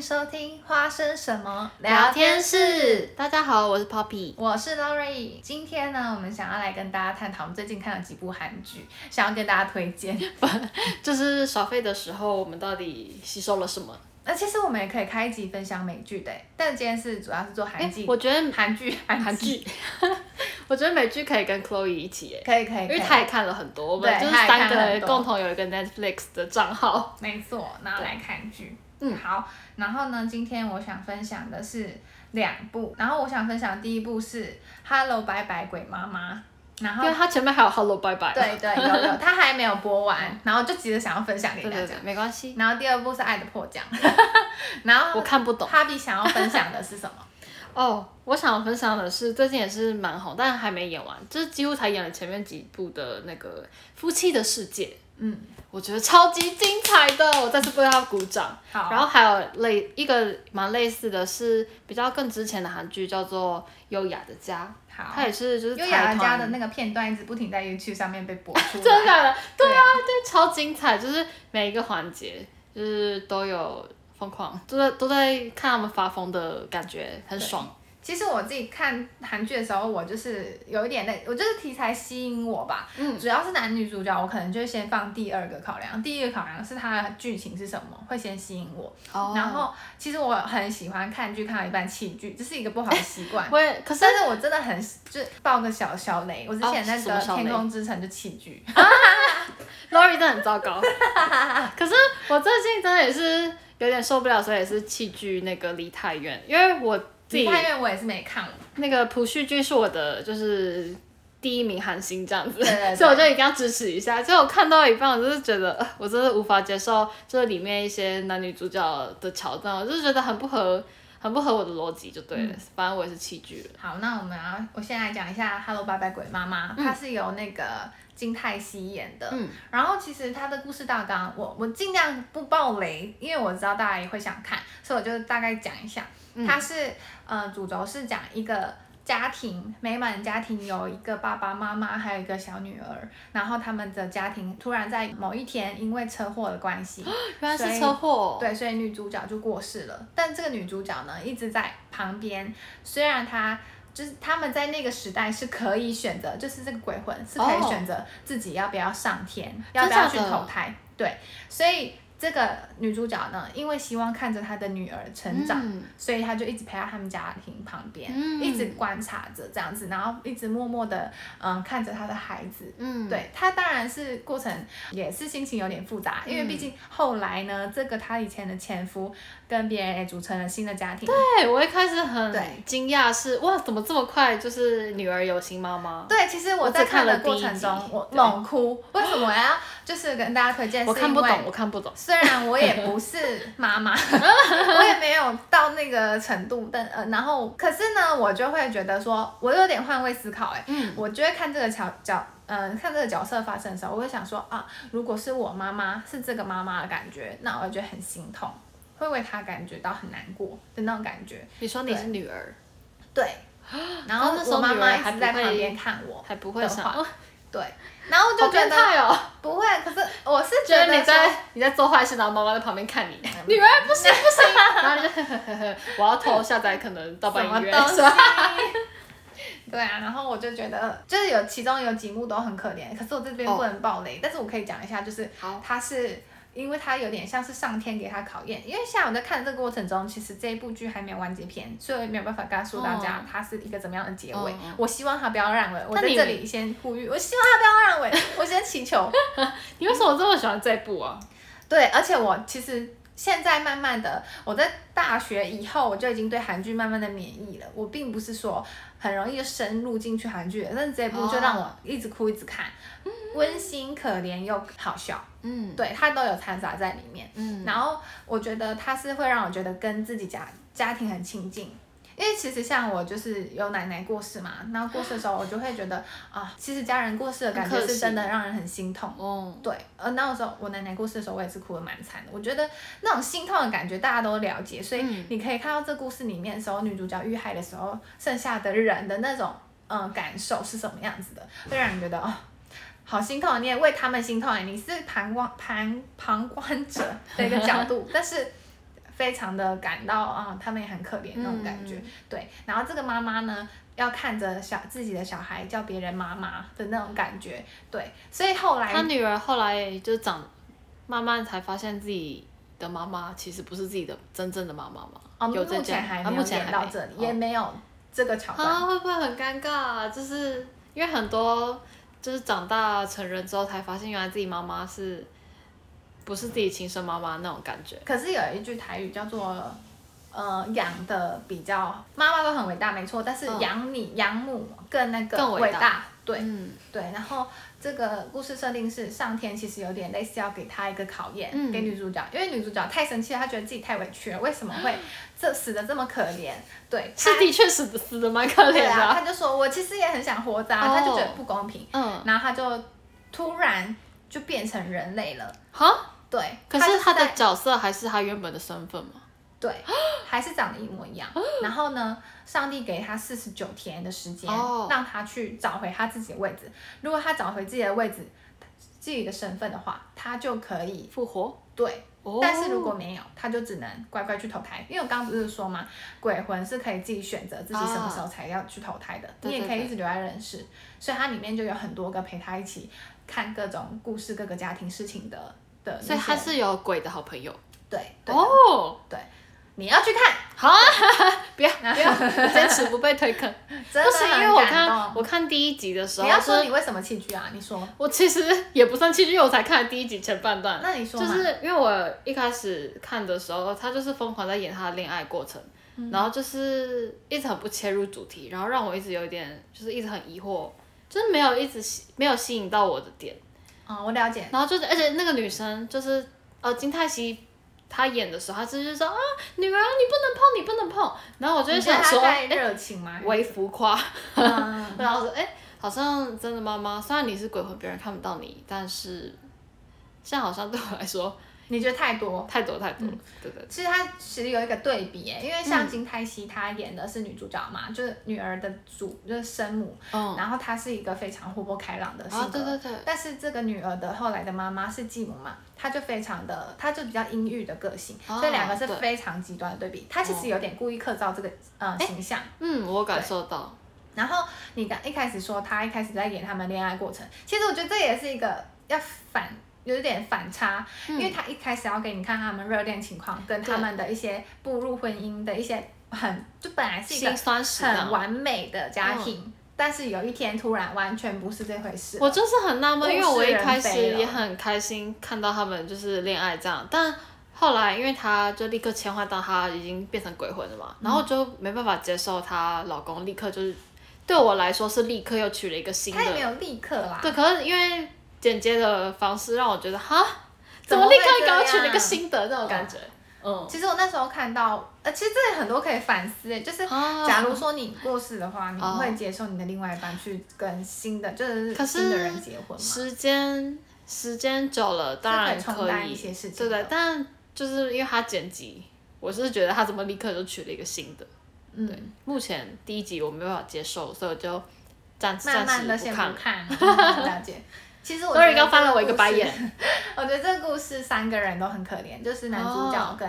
收聽花生什麼聊天室，大家好，我是 Poppy，我是 Laurie，今天呢，我們想要來跟大家探討我們最近看了幾部韓劇，想要跟大家推薦， 就是消費的時候我們到底吸收了什麼？那、 啊、其實我們也可以開一集分享美劇的，但今天是主要是做韓劇，欸，我覺得韓劇，韓劇， 我覺得美劇可以跟 Chloe 一起耶，可以，可以可以，因為他也看了很多，我們就是三個共同有一個 Netflix 的賬號，沒錯，然後來看劇。看劇。嗯好，然後呢，今天我想分享的是兩部，然後我想分享的第一部是《Hello Bye Bye 鬼媽媽》，然後因為它前面還有《Hello Bye Bye》。對對對對，它 還沒有播完，然後就急着想要分享給大家，對對對沒關係。然後第二部是《愛的迫降，》 然後我看不懂。哈比想要分享的是什麼？哦、oh，我想要分享的是最近也是蠻紅，但還沒演完，就是幾乎才演了前面幾部的那個夫妻的世界。嗯，我覺得超級精彩的，我再次為他鼓掌。好，然後還有類一個蠻類似的是比較更之前的韓劇叫做《優雅的家》，好，它也是就是《優雅的家》的那個片段一直不停在 YouTube 上面被播出來。真 的、啊啊啊啊啊，對啊，對，超精彩，就是每一個環節就是都有瘋狂，都在都在看他們發瘋的感覺，很爽。其實我自己看韓劇的時候，我就是有一點累，我就是題材吸引我吧。嗯，主要是男女主角，我可能就先放第二個考量，第一個考量是它的劇情是什麼會先吸引我。哦、然後其實我很喜歡看劇，看到一半棄劇，這是一個不好的習慣。會、欸，但是我真的很就是抱個小小雷。我之前那個、哦《天空之城》就棄劇。啊，Lori 都很糟糕。 可是我最近真的也是有點受不了，所以也是棄劇。那個離太遠，因為我。梨泰院我也是沒看，那個朴敘俊是我的就是第一名韓星這樣子，對對對，所以我就一定要支持一下。所以我看到一半，我就是覺得，我真的無法接受，就是裡面一些男女主角的橋段，我就是覺得很不合，很不合我的邏輯就對了。嗯。反正我也是棄劇了。好，那我們啊，我先來講一下《Hello Bye Bye 鬼媽媽》，她是由那個金泰熙演的。嗯，然後其實他的故事大綱，我我盡量不爆雷，因為我知道大家也會想看，所以我就大概講一下。它、嗯、是呃，主軸是講一個家庭美滿家庭，有一個爸爸媽媽，還有一個小女兒。然後他們的家庭突然在某一天因為車禍的關係，原來是車禍、哦。對，所以女主角就過世了。但這個女主角呢，一直在旁邊。雖然她就是他們在那個時代是可以選擇，就是這個鬼魂是可以選擇自己要不要上天，哦、要不要去投胎。哦、對，所以。這個女主角呢，因為希望看着她的女兒成長，嗯、所以她就一直陪在他們家庭旁邊、嗯，一直觀察着這樣子，然後一直默默的嗯看着她的孩子。嗯，對，她當然是過程也是心情有點複雜、嗯，因為畢竟後來呢，這個她以前的前夫跟別人也組成了新的家庭。對，我一開始很驚訝是，是哇，怎麼這麼快就是女兒有新媽媽？對，其實我在看的過程中，我猛哭，為什麼呀？就是跟大家推薦，我看不懂，我看不懂。雖然我也不是媽媽， 我也沒有到那個程度，但呃，然後可是呢，我就會覺得說，我有點換位思考、欸，哎，嗯，我就會看這個橋角，嗯、呃，看這個角色發生的時候，我會想說啊，如果是我媽媽是這個媽媽的感覺，那我就覺得很心痛，會為她感覺到很難過的那種感覺。你說你是女兒，對，對然後我媽媽一直在旁邊看我，還不會想，對。然後我就覺得，不會、哦，可是我是覺得，覺得你在你在做壞事，然後媽媽在，在旁邊看你。女、嗯、兒不行不行 不是。就 我要偷下載，可能到半夜。什麼東西？對啊，然後我就覺得，就是有其中有幾幕都很可憐，可是我這邊不能爆雷，oh。但是我可以講一下，就是好，它是。因為他有點像是上天給他考驗，因為下午我在看這個過程中，其實這一部劇還沒有完結篇，所以沒有辦法告訴大家、哦、它是一個怎麼樣的結尾。哦、我希望他不要爛尾，我在這裡先呼籲，我希望他不要爛尾， 我先祈求。 你為什麼這麼喜歡這部啊？對，而且我其實。現在慢慢的，我在大學以後，我就已經對韓劇慢慢的免疫了。我並不是說很容易深入進去韓劇的，但是這一部就讓我一直哭一直看，哦，溫馨可憐又好笑，嗯，對，它都有摻雜在裡面，嗯，然後我覺得它是會讓我覺得跟自己家家庭很親近。因為其實像我就是有奶奶過世嘛，然後過世的時候我就會覺得啊，其實家人過世的感覺是真的讓人很心痛。嗯，對，呃，那時候我奶奶過世的時候，我也是哭得蠻慘的。我覺得那種心痛的感覺大家都了解，所以你可以看到這故事裡面的時候、嗯、女主角遇害的時候，剩下的人的那種嗯、呃、感受是什麼樣子的，會讓人覺得哦，好心痛，你也為他們心痛、欸、你是旁觀旁旁，旁觀者的一個角度， 但是。非常的感到啊、哦，他們也很可憐那種感覺、嗯，對。然後這個媽媽呢，要看着小自己的小孩叫別人媽媽的那種感覺，對。所以後來，她女兒後來就長，慢慢才發現自己的媽媽其實不是自己的真正的媽媽嘛。啊、有進展，啊，目前還沒，到這裡哦、也沒有這個橋段。啊，會不會很尷尬？就是因為很多就是長大成人之後才發現，原來自己媽媽是。不是自己親生媽媽那種感覺，可是有一句台語叫做，呃，養的比較媽媽都很偉大，沒錯，但是養你、嗯、養母更那個偉大，更偉大對、嗯，對。然後這個故事設定是上天其實有點類似要給他一個考驗、嗯，給女主角，因為女主角太生氣了，她覺得自己太委屈了，為什麼會這死的這麼可憐？對，她的確實死的蠻可憐的。他、啊啊、就說我其實也很想活着、啊，他、哦、就覺得不公平，嗯，然後他就突然。就變成人類了哈、huh?，對。可是他的角色還是他原本的身份嗎？對，還是長得一模一樣。Huh? 然後呢，上帝給他四十九天的時間，oh. 讓他去找回他自己的位置。如果他找回自己的位置、自己的身份的話，他就可以復活。對。Oh. 但是如果沒有，他就只能乖乖去投胎。因為我剛剛不是說嘛，鬼魂是可以自己選擇自己什麼時候才要去投胎的，你、oh. 也可以一直留在人世。對對對。所以它裡面就有很多個陪他一起。看各種故事、各個家庭事情的的，所以他是有鬼的好朋友。對，哦，oh! 對，你要去看，好、huh? 不要不要，堅 持不被推坑。不是因為我看，我看第一集的時候，你要說你為什麼棄劇啊？你說我其實也不算棄劇，因為我才看了第一集前半段。那你說，就是因為我一開始看的時候，他就是瘋狂在演他的戀愛過程，嗯、然後就是一直很不切入主題，然後讓我一直有一點就是一直很疑惑。就是沒有一直吸，沒有吸引到我的點。啊、哦，我了解了。然後就是，而且那個女生就是，呃、哦，金泰熙她演的時候，她就是說啊，女兒你不能碰，你不能碰。然後我就想說，哎、欸，微浮誇。啊、 然後我說，哎、欸，好像真的媽媽，雖然你是鬼魂，別人看不到你，但是，現在好像對我來說。你覺得太多，太多太多，嗯、對,對對。其實它其實有一個對比耶，因為像金泰熙她演的是女主角嘛、嗯，就是女兒的主，就是生母，嗯、然後她是一個非常活潑開朗的性格、哦，對對對。但是這個女兒的後來的媽媽是繼母嘛，她就非常的，她就比較陰鬱的個性，哦、所以兩個是非常極端的對比。哦、她其實有點故意刻造這個、呃、形象，嗯，我感受到。然後你剛一開始說她一開始在演他們戀愛過程，其實我覺得這也是一個要反。有點反差、嗯，因為他一開始要給你看他們熱戀情況，跟他們的一些步入婚姻的一些很就，本來是一個很完美的家庭、嗯，但是有一天突然完全不是這回事。我就是很納悶，因為我一開始也很開心看到他們就是戀愛這樣，但後來因為他就立刻切換到他已經變成鬼魂了嘛，嗯、然後就沒辦法接受她老公立刻就是對我來說是立刻又娶了一個新的，他也沒有立刻啦。對，可是因為。剪接的方式讓我覺得哈，怎麼立刻給我娶了一個新的那種感覺、哦嗯？其實我那時候看到，呃，其實這裡很多可以反思，就是假如說你過世的話，哦、你不會接受你的另外一半去跟新的、哦、就是新的人結婚嗎？時間時間久了當然可以，對對，但就是因為他剪輯，我是覺得他怎麼立刻就娶了一個新的？嗯，對目前第一集我沒辦法接受，所以我就暫暫時不看了，不 了解。sorry 剛翻了我一個白眼， 我覺得這個故事三個人都很可憐，就是男主角跟、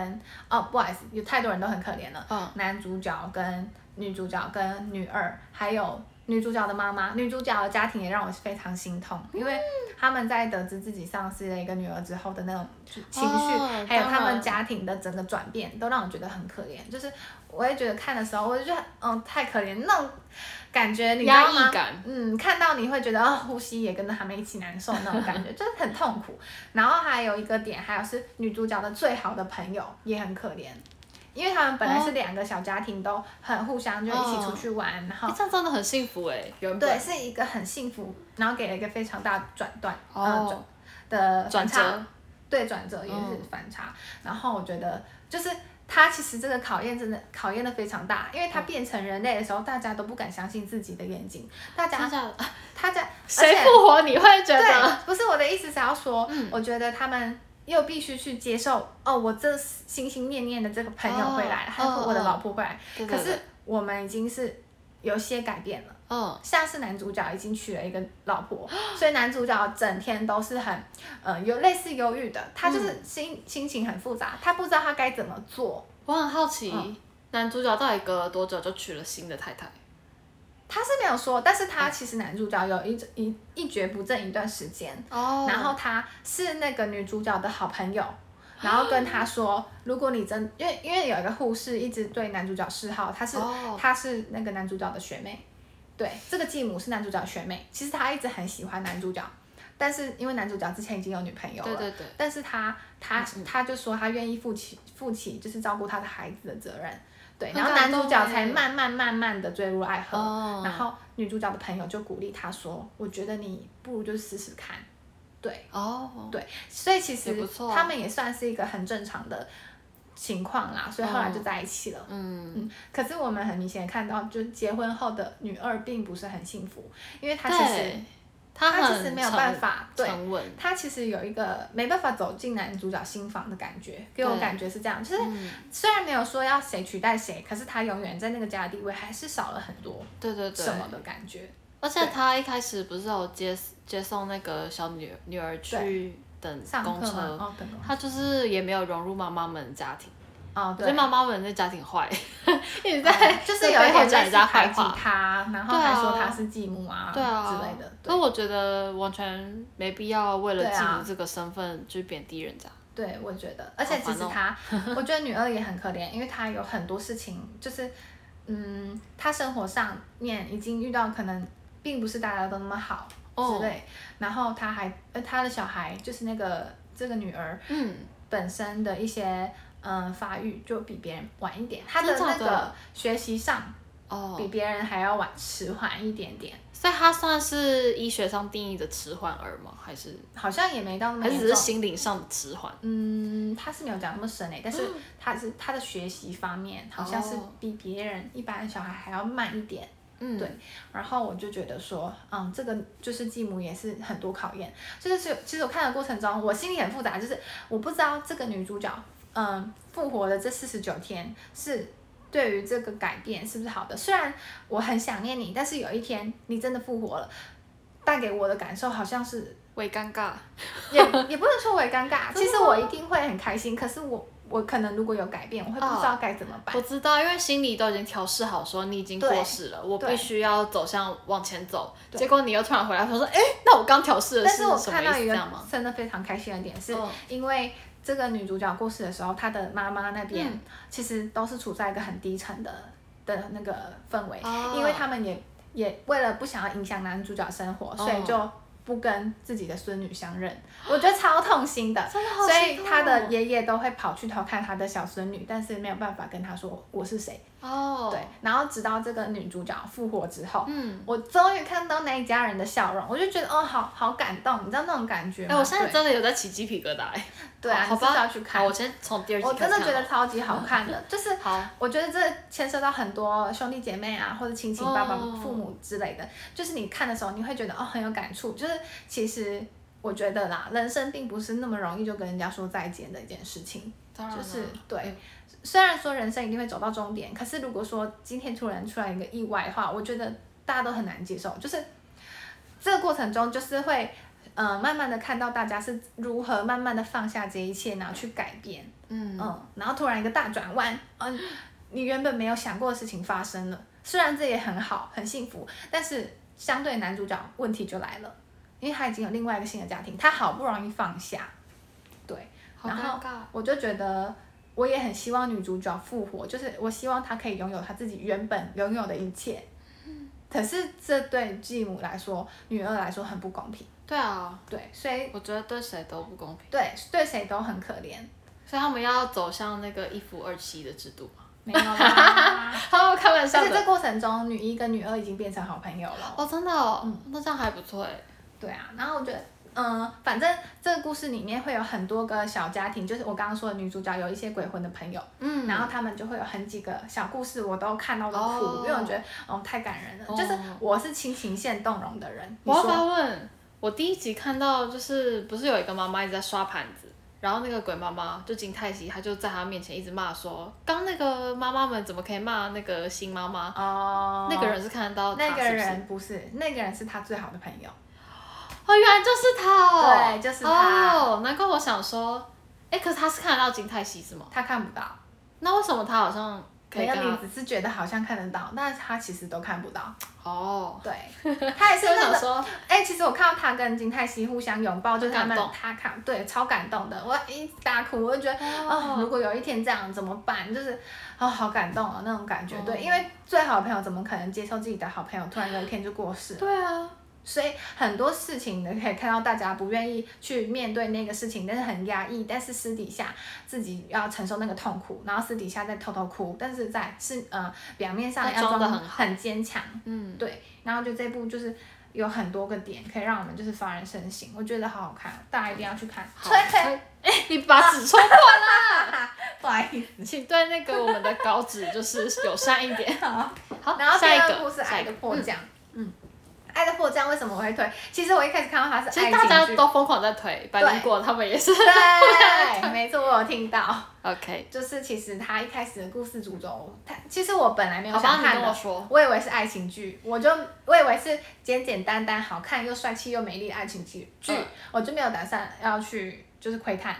oh. 哦不好意思，有太多人都很可憐了，oh. 男主角跟女主角跟女二，還有女主角的媽媽，女主角的家庭也讓我非常心痛，mm. 因為他們在得知自己喪失了一個女兒之後的那種情緒，oh, 還有他們家庭的整個轉變，都讓我覺得很可憐，就是我也覺得看的時候，我就覺得嗯、哦、太可憐那種。感覺你壓抑感嗯，看到你會覺得、哦、呼吸也跟着他們一起難受那種感覺， 就是很痛苦。然後還有一個點，還有是女主角的最好的朋友也很可憐，因為他們本來是兩個小家庭，都很互相就一起出去玩，哦、然後這樣真的很幸福誒、欸，對，是一個很幸福，然後給了一個非常大的轉段，哦，呃、的轉折，對，轉折也是反差、嗯。然後我覺得就是。他其實這個考驗真的考驗的非常大，因為他變成人類的時候、哦，大家都不敢相信自己的眼睛。大家，嗯、他在，誰復活？你會覺得不是，我的意思是要說、嗯，我覺得他們又必須去接受哦，我這心心念念的這個朋友回來了、哦、還有我的老婆回來、哦哦對對對。可是我們已經是有些改變了。像是男主角已經娶了一個老婆，嗯、所以男主角整天都是很，嗯、呃，有類似憂鬱的，他就是心、嗯、心情很複雜，他不知道他該怎麼做。我很好奇、嗯，男主角到底隔了多久就娶了新的太太？他是沒有說，但是他其實男主角有一、嗯、一一蹶不振一段時間。哦。然後他是那個女主角的好朋友，然後跟他說，哦、如果你真，因為因為有一個護士一直對男主角示好，她是她、哦、是那個男主角的學妹。對，這個繼母是男主角的學妹，其實她一直很喜歡男主角，但是因為男主角之前已經有女朋友了，對對對，但是他他、嗯、他就說他願意負起負起就是照顧他的孩子的責任，對，嗯、然後男主角才慢慢慢慢的墜入愛河。哦，然後女主角的朋友就鼓勵他說，哦、我覺得你不如就試試看，對哦對，所以其實他們也算是一個很正常的情況啦，所以後來就在一起了。嗯，嗯，可是我們很明顯看到，就結婚後的女二並不是很幸福，因為她其實她，她其實沒有辦法，對，她其實有一個沒辦法走進男主角心房的感覺，給我感覺是這樣。就是，嗯，雖然沒有說要誰取代誰，可是她永遠在那個家的地位還是少了很多，對對對，什麼的感覺。而且她一開始不是有接接送那個小女女兒去。等公車。他、哦、就是也沒有融入媽媽們的家庭，啊、哦，所以媽媽們那家庭壞，一直在、oh, 就是有一後在他就人家排擠他，然後還說他是繼母啊，對啊之類的。所以我覺得完全沒必要為了繼母這個身份去貶低人家對、啊。對，我覺得，而且其實他，我覺得女兒也很可憐，因為她有很多事情，就是嗯，她生活上面已經遇到可能並不是大家都那麼好。之類，然後他還，他的小孩就是那個這個女兒，嗯，本身的一些嗯，嗯發育就比別人晚一點，他的那個學習上，哦，比別人還要晚遲緩一點點、嗯，所以他算是醫學上定義的遲緩兒嗎？還是好像也沒到那麼，只是，是心理上的遲緩，嗯，他是沒有講那麼深呢、欸，但是他是、嗯、他的學習方面好像是比別人、哦、一般小孩還要慢一點。嗯，對，然後我就覺得說，嗯，這個就是繼母也是很多考驗，就是其實其實我看的過程中，我心裡很複雜，就是我不知道這個女主角，嗯，復活的這四十九天是對於這個改變是不是好的？雖然我很想念你，但是有一天你真的復活了，帶給我的感受好像是會尷尬，也也不能說會尷尬， 其實我一定會很開心，可是我。我可能如果有改變，我會不知道該怎麼辦。哦、我知道，因為心裡都已經調試好說，說你已經過世了，我必須要走向往前走。結果你又突然回來，他說：“誒，那我剛調試的是什麼意思？”真的非常開心的點是、哦，因為這個女主角過世的時候，她的媽媽那邊、嗯、其實都是處在一個很低沉的的那個氛圍，哦、因為他們也也為了不想要影響男主角生活、哦，所以就。不跟自己的孫女相認，我覺得超痛心的，啊，真的好奇怪哦。所以他的爺爺都會跑去偷看他的小孫女，但是沒有辦法跟他說我是誰。哦、oh.，對，然後直到這個女主角復活之後，嗯，我終於看到那一家人的笑容，我就覺得哦，好好感動，你知道那種感覺嗎？欸、我現在真的有在起雞皮疙瘩。對、啊，還、oh, 是要去看。我先從第二，我真的覺得超級好看的，嗯、就是好，我覺得這牽涉到很多兄弟姐妹啊，或者親親爸爸、父母之類的，oh. 就是你看的時候，你會覺得哦，很有感觸。就是其實我覺得啦，人生並不是那麼容易就跟人家說再見的一件事情，當然了就是對。雖然說人生一定會走到終點，可是如果說今天突然出來一個意外的話，我覺得大家都很難接受。就是這個過程中，就是會呃慢慢的看到大家是如何慢慢的放下這一切，然後去改變，嗯嗯，然後突然一個大轉彎，嗯、呃，你原本沒有想過的事情發生了。雖然這也很好，很幸福，但是相對男主角問題就來了，因為他已經有另外一個新的家庭，他好不容易放下，對，好尷尬，然後我就覺得。我也很希望女主角復活，就是我希望她可以擁有她自己原本擁有的一切。可是這對繼母來說，女二來說很不公平。對啊。對，所以我覺得對誰都不公平。對，對誰都很可憐。所以他們要走向那個一夫二妻的制度嗎？沒有啦 好 他們開玩笑的。在這在過程中，女一跟女二已經變成好朋友了。哦，真的、哦、嗯，那這樣還不錯哎。對啊，然後我覺得。嗯，反正這個故事裡面會有很多個小家庭，就是我剛剛說的女主角有一些鬼魂的朋友，嗯，然後他們就會有很幾個小故事，我都看到都哭，因為我覺得，哦，太感人了。哦、就是我是親情線動容的人。哦、我要發問，我第一集看到就是不是有一個媽媽一直在刷盤子，然後那個鬼媽媽就金泰熙，她就在她面前一直罵說，剛那個媽媽們怎麼可以罵那個新媽媽哦？那個人是看得到，那個人是不，是不是，那個人是她最好的朋友。哦，原來就是他哦，對，就是他。哦，難怪我想說，哎、欸，可是他是看得到金泰熙是嗎？他看不到，那為什麼他好像可以？可能，你只是覺得好像看得到，但是他其實都看不到。哦，對，他也是 我想說，哎、欸，其實我看到他跟金泰熙互相擁抱，就是、他們他，感動他看，對，超感動的，我一直大哭，我就覺得，哦，如果有一天這樣怎麼辦？就是，哦，好感動啊、哦，那種感覺、哦。對，因為最好的朋友怎麼可能接受自己的好朋友突然有一天就過世了？對啊。所以很多事情可以看到大家不願意去面對那個事情，但是很壓抑，但是私底下自己要承受那個痛苦，然後私底下在偷偷哭，但是在是呃表面上要裝的很、嗯、很堅強，嗯，對，然後就這部就是有很多個點可以讓我們就是發人深省，我覺得好好看，大家一定要去看。嗯、好、欸，你把紙戳破啦！ 不好意思，請對那個我們的稿紙就是友善一點。好，好，然後第二個下一個是《愛的迫降》。嗯《愛的迫降》為什麼我會推？其實我一開始看到他是愛情劇，其實大家都瘋狂在推，包過他們也是。對，沒錯，我有聽到。OK，就是其實他一開始的故事主軸，其實我本來沒有想看的，我，我以為是愛情劇，我就我以為是簡簡單單好看又帥氣又美麗的愛情劇劇、嗯，我就沒有打算要去就是窺探。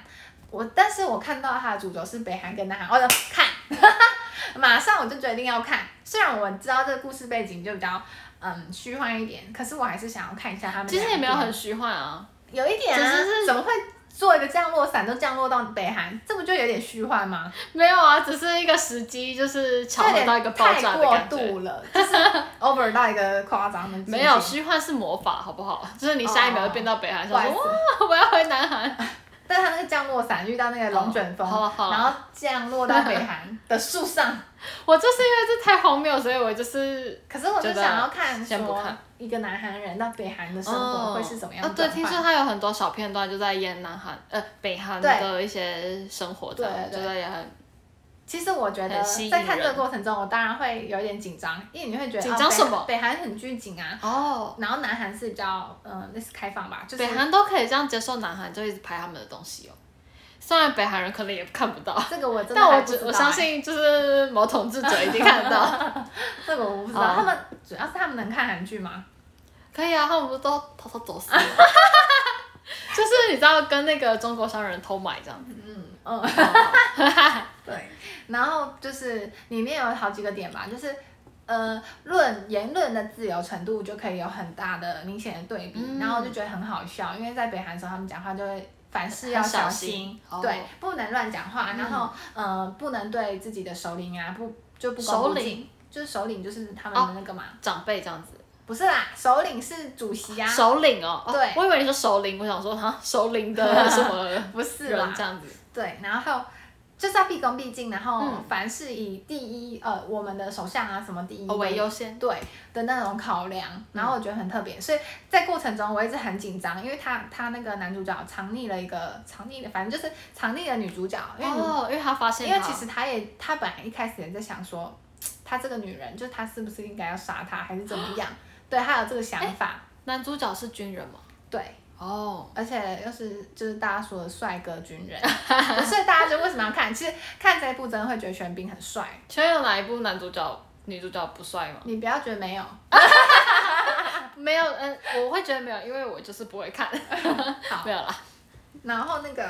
我，但是我看到他的主軸是北韓跟南韓，我、哦、就看， 馬上我就決定要看。雖然我知道這個故事背景就比較。嗯，虛幻一點，可是我還是想要看一下他們。其實也沒有很虛幻啊。是是，有一點啊。怎麼會坐一個降落傘都降落到北韓？這不就有點虛幻嗎？沒有啊，只是一個時機，就是巧合到一個爆炸的感覺。太過度了， 就是 over 到一個誇張的。沒有虛幻是魔法，好不好？就是你下一秒就變到北韓，oh, 說、oh, 哇，我要回南韓。但他那個降落傘遇到那個龍捲風，oh, oh, oh. 然後降落到北韓的樹上。 我就是因為這太荒謬，所以我就是。可是我就想要看說一個南韓人到北韓的生活會是怎麼樣的。哦，哦對，聽說他有很多小片段就在演南韓呃北韓的一些生活，對我覺得也很。其實我覺得在看這個過程中，我當然會有一點緊張，因為你會覺得緊張什麼？哦、北韓很拘謹啊，哦，然後南韓是比較嗯、呃、那是開放吧，就是北韓都可以這樣接受南韓，就一直拍他們的東西哦。雖然北韓人可能也看不到這個，我真的、欸，我但我只我相信就是某統治者一定看得到 這個，我不知道、oh. 他們主要是他們能看韓劇嗎？可以啊，他們不是都偷偷走私嗎？ 就是你知道跟那個中國商人偷買這樣子 嗯，嗯嗯，好好 對，然後就是裡面有好幾個點吧，就是呃論言論的自由程度就可以有很大的明顯的對比、嗯，然後就覺得很好笑，因為在北韓的時候他們講話就會。凡事要小心，小心對、哦，不能亂講話，嗯、然後，嗯、呃，不能對自己的首領啊，不就不恭敬，就是首領就是他們的那個嘛、哦，長輩這樣子，不是啦，首領是主席啊，首領哦，對，哦、我以為你說首領，我想說哈，首領的什麼的， 不是啦，這樣子，對，然後。就是要畢恭畢敬，然後凡事以第一、嗯，呃，我們的首相啊什麼第一為優先，對的那種考量，嗯，然後我覺得很特別。所以在過程中，我一直很緊張，因為他他那個男主角藏匿了一個藏匿的，反正就是藏匿的女主角，因為、哦、因為他發現他，因為其實他也他本來一開始也在想說，他這個女人就是他是不是應該要殺他還是怎麼樣，哦、對他有這個想法。欸、男主角是軍人嘛，對。哦、oh,，而且又是就是大家說的帥哥軍人， 所以大家就為什麼要看？其實看這一部真的會覺得玄彬很帥。請問有哪一部男主角、女主角不帥嗎？你不要覺得沒有， 沒有，嗯、呃， 我會覺得沒有，因為我就是不會看， 嗯、好 沒有啦。然後那個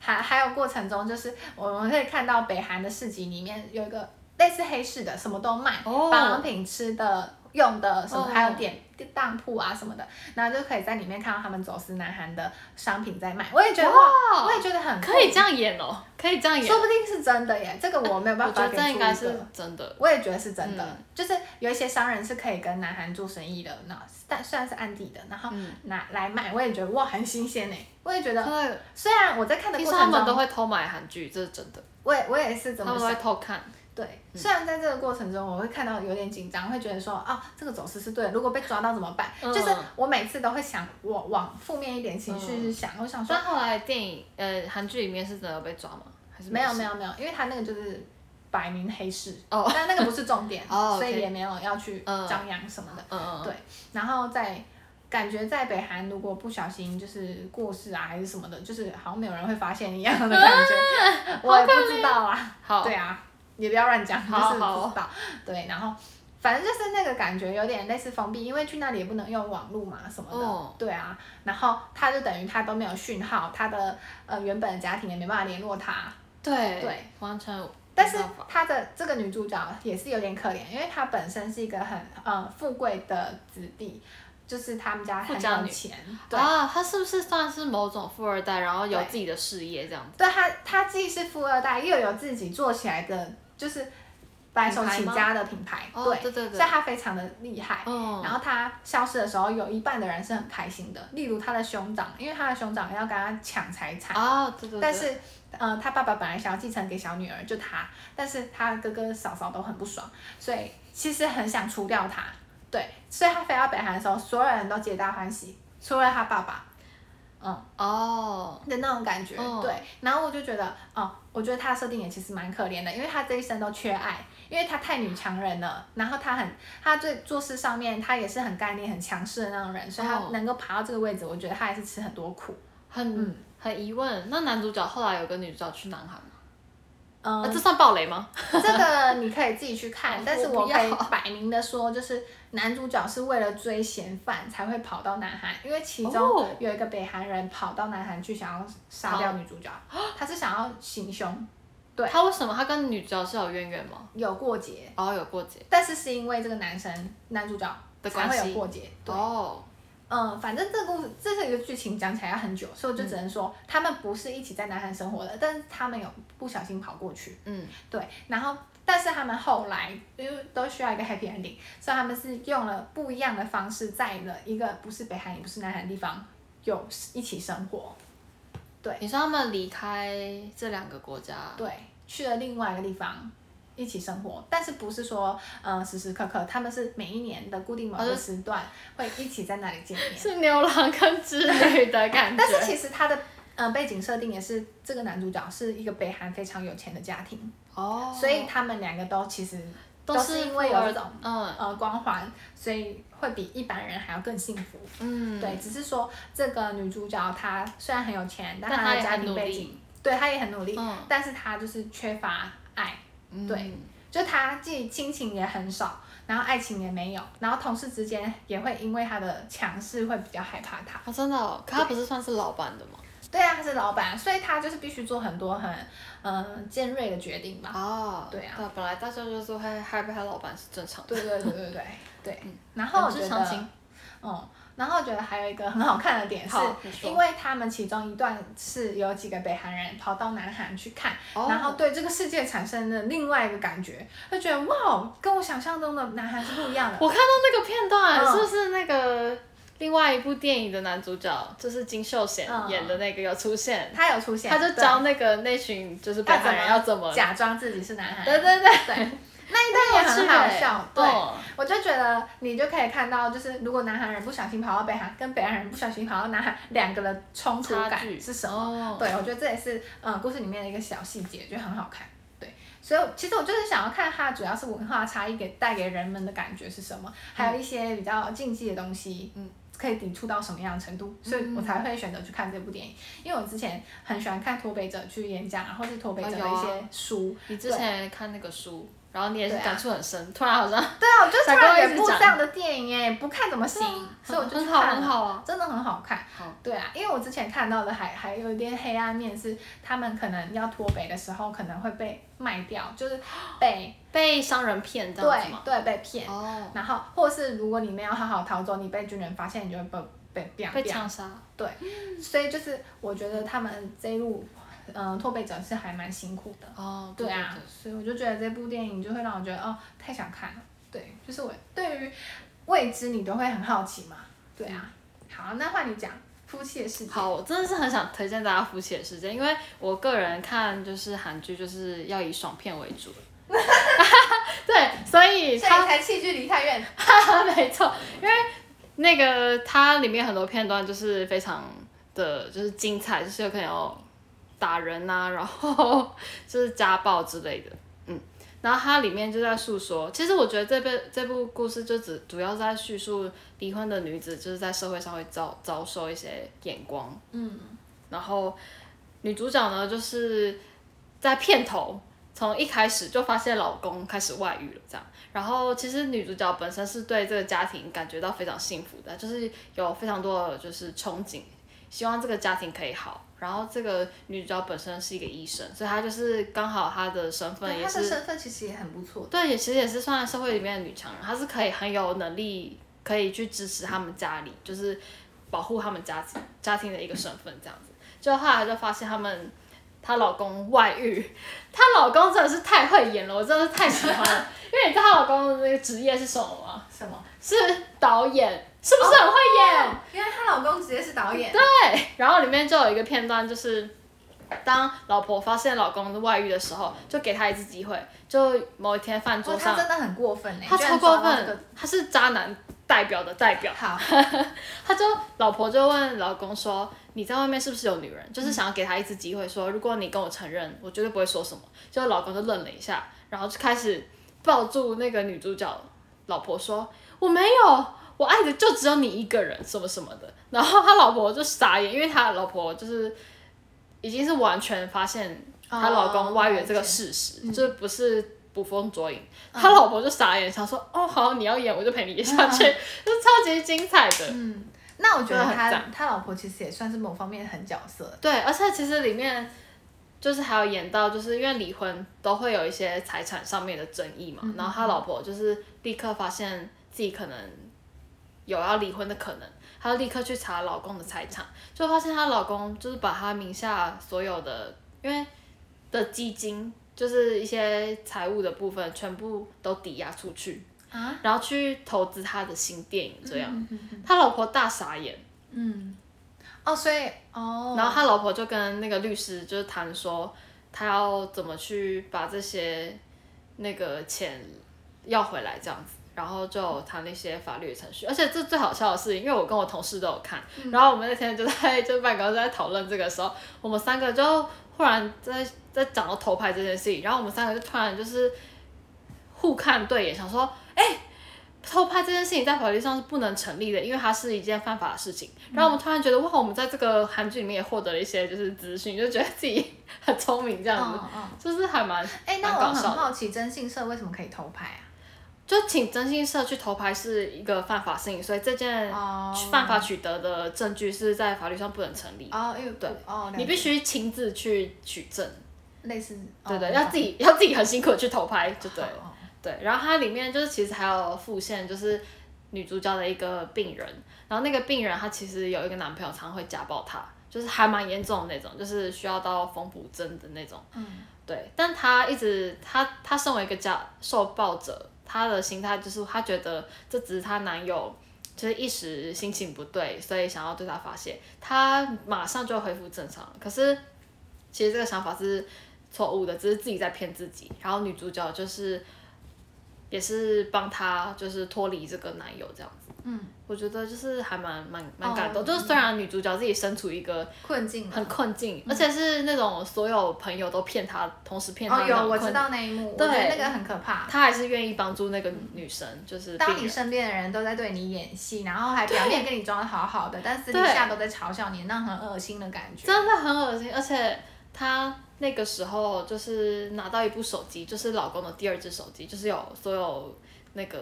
還還有過程中，就是我們可以看到北韓的市集裡面有一個類似黑市的，什麼都賣，oh. 保養品、吃的。用的什麼還有店，oh yeah. 當鋪啊什麼的，然後就可以在裡面看到他們走私南韓的商品在賣。我也覺得，哇，wow, 我也覺得很可以這樣演哦，可以這樣演，這樣演，說不定是真的耶。這個我沒有辦法給、欸、覺得這應該是真的，我也覺得是真的，嗯。就是有一些商人是可以跟南韓做生意的，那但雖然算是暗地的，然後拿來賣。我也覺得哇，很新鮮哎，欸。我也覺得，雖然我在看的時候他們都會偷買韓劇，這是真的。我也我也是怎麼他們都會偷看。對，雖然在這個過程中，我會看到有點緊張、嗯，會覺得說啊、哦，這個走私是對的，如果被抓到怎麼辦？嗯、就是我每次都會想，往往負面一點情緒想、嗯。我想說，後來電影呃韓劇裡面是真的有被抓嗎？還是沒有沒有沒有，因為它那個就是擺明黑市哦，但那個不是重點，呵呵，所以也沒有要去張揚什麼的。嗯、對、嗯，然後在感覺在北韓，如果不小心就是過世啊，還是什麼的，就是好像沒有人會發現一樣的感覺，嗯、我也不知道啊。對啊。也不要亂講，好，就是不知道。對，然後反正就是那個感覺有點類似封閉，因為去那裡也不能用網絡嘛什麼的。嗯、對啊，然後他就等於他都沒有訊號，他的呃原本的家庭也沒辦法聯絡他。對。對，完成。但是他的這個女主角也是有點可憐，因為她本身是一個很呃富貴的子弟。就是他們家很賺錢啊，他是不是算是某種富二代，然後有自己的事業這樣子？對，對他，他既是富二代，又有自己做起來的，就是白手起家的品牌，品牌哦，對對對，對，所以他非常的厲害，嗯。然後他消失的時候，有一半的人是很開心的，例如他的兄長，因為他的兄長要跟他搶財產哦。對，對對。但是，嗯、呃，他爸爸本來想要繼承給小女兒，就他，但是他哥哥嫂嫂都很不爽，所以其實很想除掉他。嗯對，所以他飛到北韓的時候，所有人都皆大歡喜，除了他爸爸。嗯哦，oh. 的那種感覺。Oh. 對，然後我就覺得，哦、嗯，我覺得他的設定也其實蠻可憐的，因為他這一生都缺愛，因為他太女強人了。Oh. 然後他很，他在做事上面，他也是很幹練、很強勢的那種人，所以他能夠爬到這個位置，oh. 我覺得他還是吃很多苦，很、嗯、很疑問。那男主角後來有跟女主角去南韓嗎？呃、嗯啊、這算暴雷嗎？這個你可以自己去看， 但是我可以擺明的說，就是男主角是為了追嫌犯才會跑到南韓，因為其中有一個北韓人跑到南韓去想要殺掉女主角，哦、他是想要行凶。對，他為什麼？他跟女主角是有淵源嗎？有過節哦，有過節，但是是因為這個男生男主角的關係有過節對、哦嗯，反正這個故事，這是一個劇情講起來要很久，所以我就只能說、嗯、他們不是一起在南韓生活的，但是他們有不小心跑過去。嗯，對。然後，但是他們後來因為都需要一個 happy ending，所以他們是用了不一樣的方式，在了一個不是北韓也不是南韓的地方有一起生活。對，你說他們離開這兩個國家，對，去了另外一個地方。一起生活，但是不是說，呃、時時刻刻，他們是每一年的固定某個時段會一起在那裡見面， 是牛郎跟織女的感覺。但是其實他的，呃、背景設定也是這個男主角是一個北韓非常有錢的家庭，哦，所以他們兩個都其實都是因為有這種，嗯呃光環，所以會比一般人還要更幸福。嗯，對，只是說這個女主角她雖然很有錢，但她的家庭背景對她也很努力，很努力，嗯，但是她就是缺乏愛。嗯、對，就他自己親情也很少，然後愛情也沒有，然後同事之間也會因為他的強勢會比較害怕他。哦、真的、哦，可他不是算是老闆的嗎？對。對啊，他是老闆，所以他就是必須做很多很嗯、呃、尖銳的決定吧。哦，對啊，本來到時候就是說害害怕他老闆是正常的。對對對對對 對、對、嗯。然後我覺得嗯。然後覺得還有一個很好看的點是，因為他們其中一段是有幾個北韓人跑到南韓去看，然後對這個世界產生了另外一個感覺，他覺得哇、wow，跟我想象中的南韓是不一樣的。我看到那個片段是不是那個另外一部電影的男主角，就是金秀賢演的那個有出現？嗯、他有出現，他就教那個那群就是北韓人要怎麼，怎麼假裝自己是南韓、嗯、對對對。對那一段也很好笑，哦嗯、對，對，對，對，我就覺得你就可以看到，就是如果南韓人不小心跑到北韓，跟北韓人不小心跑到南韓，兩個的衝突感是什麼？哦、對，我覺得這也是嗯，故事裡面的一個小細節，就很好看。對，所以其實我就是想要看它，主要是文化差異給帶給人們的感覺是什麼，還有一些比較禁忌的東西，嗯，嗯可以抵觸到什麼樣的程度、嗯？所以我才會選擇去看這部電影，因為我之前很喜歡看脫北者去演講，然後是脫北者的一些書，哎、你之前看那個書。然後你也是感觸很深，啊、突然好像對啊，我就突然有部這樣的電影哎，不看怎麼行、嗯？所以我就去看了，很好，很好啊，真的很好看、嗯。對啊，因為我之前看到的還還有一點黑暗面，是他們可能要脫北的時候可能會被賣掉，就是被被商人騙這樣子嗎？對對，被騙。哦。然後，或是如果你沒有好好逃走，你被軍人發現，你就會被被被槍殺。對、嗯，所以就是我覺得他們這一路。嗯，脫北者是還蠻辛苦的哦、oh,，對啊對，所以我就覺得這部電影就會讓我覺得哦，太想看了。對，就是我對於未知你都會很好奇嘛，對啊。嗯、好，那換你講夫妻的世界。好，我真的是很想推薦大家夫妻的世界，因為我個人看就是韓劇就是要以爽片為主。哈哈哈。對，所以他所以才棄劇梨泰院。哈哈，沒錯，因為那個它裡面很多片段就是非常的就是精彩，就是有可能有打人吶、啊，然後就是家暴之類的，嗯，然後它裡面就在訴說，其實我覺得這部這部故事就只主要在敘述離婚的女子就是在社會上會遭遭受一些眼光，嗯，然後女主角呢就是在片頭從一開始就發現老公開始外遇了，這樣，然後其實女主角本身是對這個家庭感覺到非常幸福的，就是有非常多的就是憧憬，希望這個家庭可以好。然後這個女主角本身是一個醫生，所以她就是剛好她的身份也是她的身份其實也很不錯。對，也其實也是算在社會裡面的女強人，她是可以很有能力，可以去支持他們家裡，就是保護他們家庭家庭的一個身份這樣子。就後來就發現他們她老公外遇，她老公真的是太會演了，我真的是太喜歡了。 因為你知道她老公的那個職業是什麼嗎？什麼？是導演。是不是很會演？因為她老公直接是導演。對，然後裡面就有一個片段，就是當老婆發現老公的外遇的時候，就給他一次機會。就某一天飯桌上，oh, 他真的很過分哎，他超過分，這個，他是渣男代表的代表。好， 他就老婆就問老公說：“你在外面是不是有女人？”嗯、就是想要給她一次機會說，說如果你跟我承認，我絕對不會說什麼。就老公就愣了一下，然後就開始抱住那個女主角。老婆說：“我沒有。”我愛的就只有你一個人，什麼什麼的。然後他老婆就傻眼，因為他老婆就是已經是完全發現他老公外遇這個事實，oh, 就不是捕風捉影。Oh. 他老婆就傻眼，想說：“哦，好，你要演，我就陪你演下去。Oh. ”就、uh -huh. 是超級精彩的。嗯，那我覺得很讚。他他老婆其實也算是某方面很角色。對，而且其實裡面就是還有演到，就是因為離婚都會有一些財產上面的爭議嘛嗯嗯嗯。然後他老婆就是立刻發現自己可能。有要離婚的可能，她立刻去查老公的財產，就發現她老公就是把她名下所有的，因為的基金就是一些財務的部分全部都抵押出去啊，然後去投資他的新電影這樣，嗯，他老婆大傻眼，嗯，哦，所以哦，然後他老婆就跟那個律師就是談說，他要怎麼去把這些那個錢要回來這樣子。然後就有談那些法律程序，而且這最好笑的事情，因為我跟我同事都有看，嗯、然後我們那天就在就辦公室在討論這個時候，我們三個就忽然在在講到偷拍這件事情，然後我們三個就突然就是互看對眼，想說，哎、欸，偷拍這件事情在法律上是不能成立的，因為它是一件犯法的事情。然後我們突然覺得，嗯、哇，我們在這個韓劇裡面也獲得了一些就是資訊，就覺得自己很聰明這樣子，哦哦就是還蠻……哎、欸欸，那我很好奇，徵信社為什麼可以偷拍啊？就請徵信社去偷拍是一個犯法事情，所以這件犯法取得的證據是在法律上不能成立、oh. 對，oh. Oh, 你必須親自去取證，類似對,對對，oh. 要自己、oh. 要自己很辛苦去偷拍就對了、oh. 對，然後它裡面就是其實還有副線，就是女主角的一個病人，然後那個病人她其實有一個男朋友，常會家暴她，就是還蠻嚴重的那種，就是需要到縫補針的那種。Oh. 對，但她一直她她身為一個家受暴者。她的心態就是，她覺得這只是她男友就是一時心情不對，所以想要對她發洩，她馬上就要恢復正常。可是其實這個想法是錯誤的，只是自己在騙自己。然後女主角就是也是幫她就是脫離這個男友這樣。嗯，我覺得就是還蠻蠻蠻感動，哦、就是雖然女主角自己身處一個困境，很困境，而且是那種所有朋友都騙她，同時騙她的困境、哦、有，我知道那一幕對，我覺得那個很可怕。她還是願意幫助那個女生，就是當你身邊的人都在對你演戲，然後還表面跟你裝的好好的，但私底下都在嘲笑你，那很噁心的感覺。真的很噁心，而且她那個時候就是拿到一部手機，就是老公的第二只手機，就是有所有。那個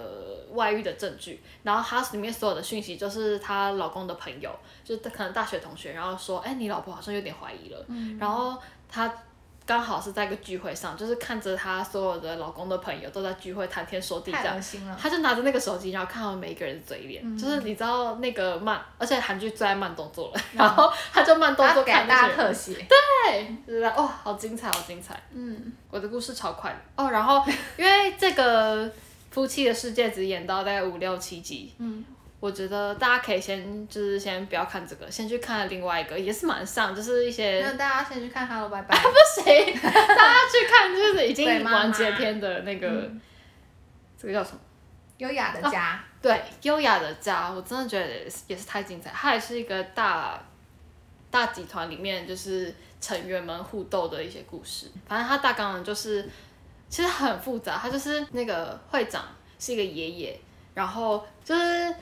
外遇的證據，然後她裡面所有的訊息就是她老公的朋友，就是可能大學同學，然後說，哎，你老婆好像有點懷疑了。嗯。然後她剛好是在一個聚會上，就是看着她所有的老公的朋友都在聚會談天說地這樣。他就拿着那個手機，然後看到每一個人的嘴臉、嗯，就是你知道那個慢，而且韓劇最愛慢動作了。嗯。然後他就慢動作看那些人。給大特寫。對。知道哇，好精彩，好精彩。嗯。我的故事超快哦，oh, 然後因為這個。 夫妻的世界只演到大概五六七集，嗯、我覺得大家可以先就是先不要看這個，先去看另外一個也是蠻像，就是一些。那大家先去看《哈嘍，拜拜》。啊、不行， 大家去看就是已經完結篇的那個，媽媽這個叫什麼？優雅的家、啊。對，優雅的家，我真的覺得也是太精彩。它也是一個大，大集團裡面就是成員們互鬥的一些故事。反正它大綱就是。其實很複雜，他就是那個會長是一個爺爺，然後就是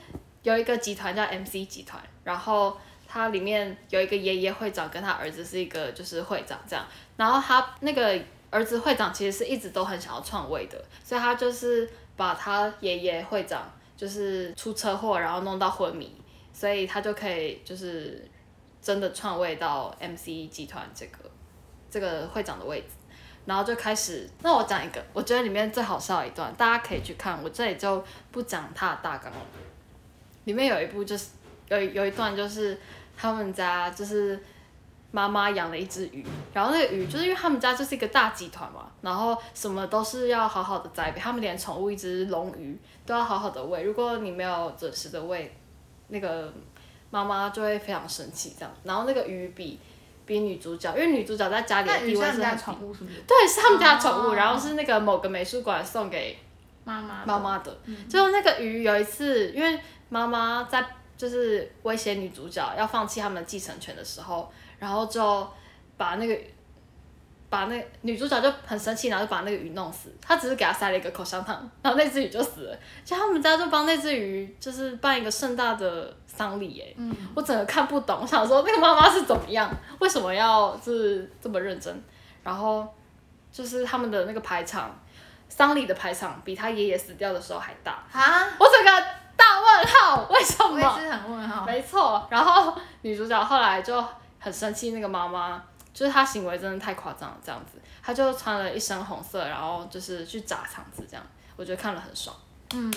有一個集團叫 MC 集團，然後他裡面有一個爺爺會長跟他兒子是一個就是會長這樣，然後他那個兒子會長其實是一直都很想要篡位的，所以他就是把他爺爺會長就是出車禍，然後弄到昏迷，所以他就可以就是真的篡位到 MC 集團這個這個會長的位置。然後就開始，那我講一個，我覺得裡面最好笑一段，大家可以去看，我這裡就不講它的大綱了。裡面有一部就是有有一段，就是他們家就是媽媽養了一隻魚，然後那個魚就是因為他們家就是一個大集團嘛，然後什麼都是要好好的栽培，他們連寵物一隻龍魚都要好好的餵，如果你沒有準時的餵，那個媽媽就會非常生氣這樣。然後那個魚比。比女主角，因為女主角在家裡的地位是很低。對，是他們家寵物，uh -huh. 然後是那個某個美術館送給媽媽的。媽媽的。嗯。就是那個魚，有一次，因為媽媽在就是威脅女主角要放棄他們繼承權的時候，然後就把那個。把那女主角就很生氣，然後就把那個魚弄死。她只是給他塞了一個口香糖，然後那只魚就死了。然後他們家就幫那只魚就是辦一個盛大的喪禮耶，我整個看不懂。我想說那個媽媽是怎麼樣，為什麼要是這麼認真？然後就是他們的那個排場，喪禮的排場比他爺爺死掉的時候還大哈，我整個大問號，為什麼？我一直很問號。沒錯。然後女主角後來就很生氣那個媽媽。就是他行為真的太誇張了，這樣子，他就穿了一身紅色，然後就是去砸場子這樣，我覺得看了很爽。嗯，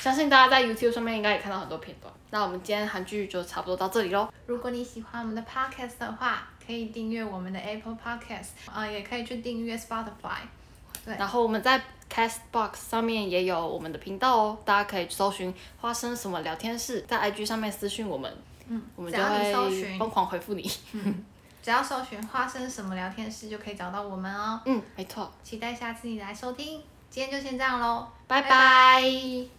相信大家在 YouTube 上面應該也看到很多片段。那我們今天韓劇就差不多到這裡嘍。如果你喜歡我們的 Podcast 的話，可以訂閱我們的 Apple Podcast，啊、呃，也可以去訂閱 Spotify。對，然後我們在 Castbox 上面也有我們的頻道哦，大家可以搜尋花生什麼聊天室，在 IG 上面私訊我們，嗯，搜我們就會瘋狂回復你。嗯只要搜尋“花生什麼聊天室”就可以找到我們哦。嗯，沒錯。期待下次你來收聽。今天就先這樣嘍，拜拜。Bye bye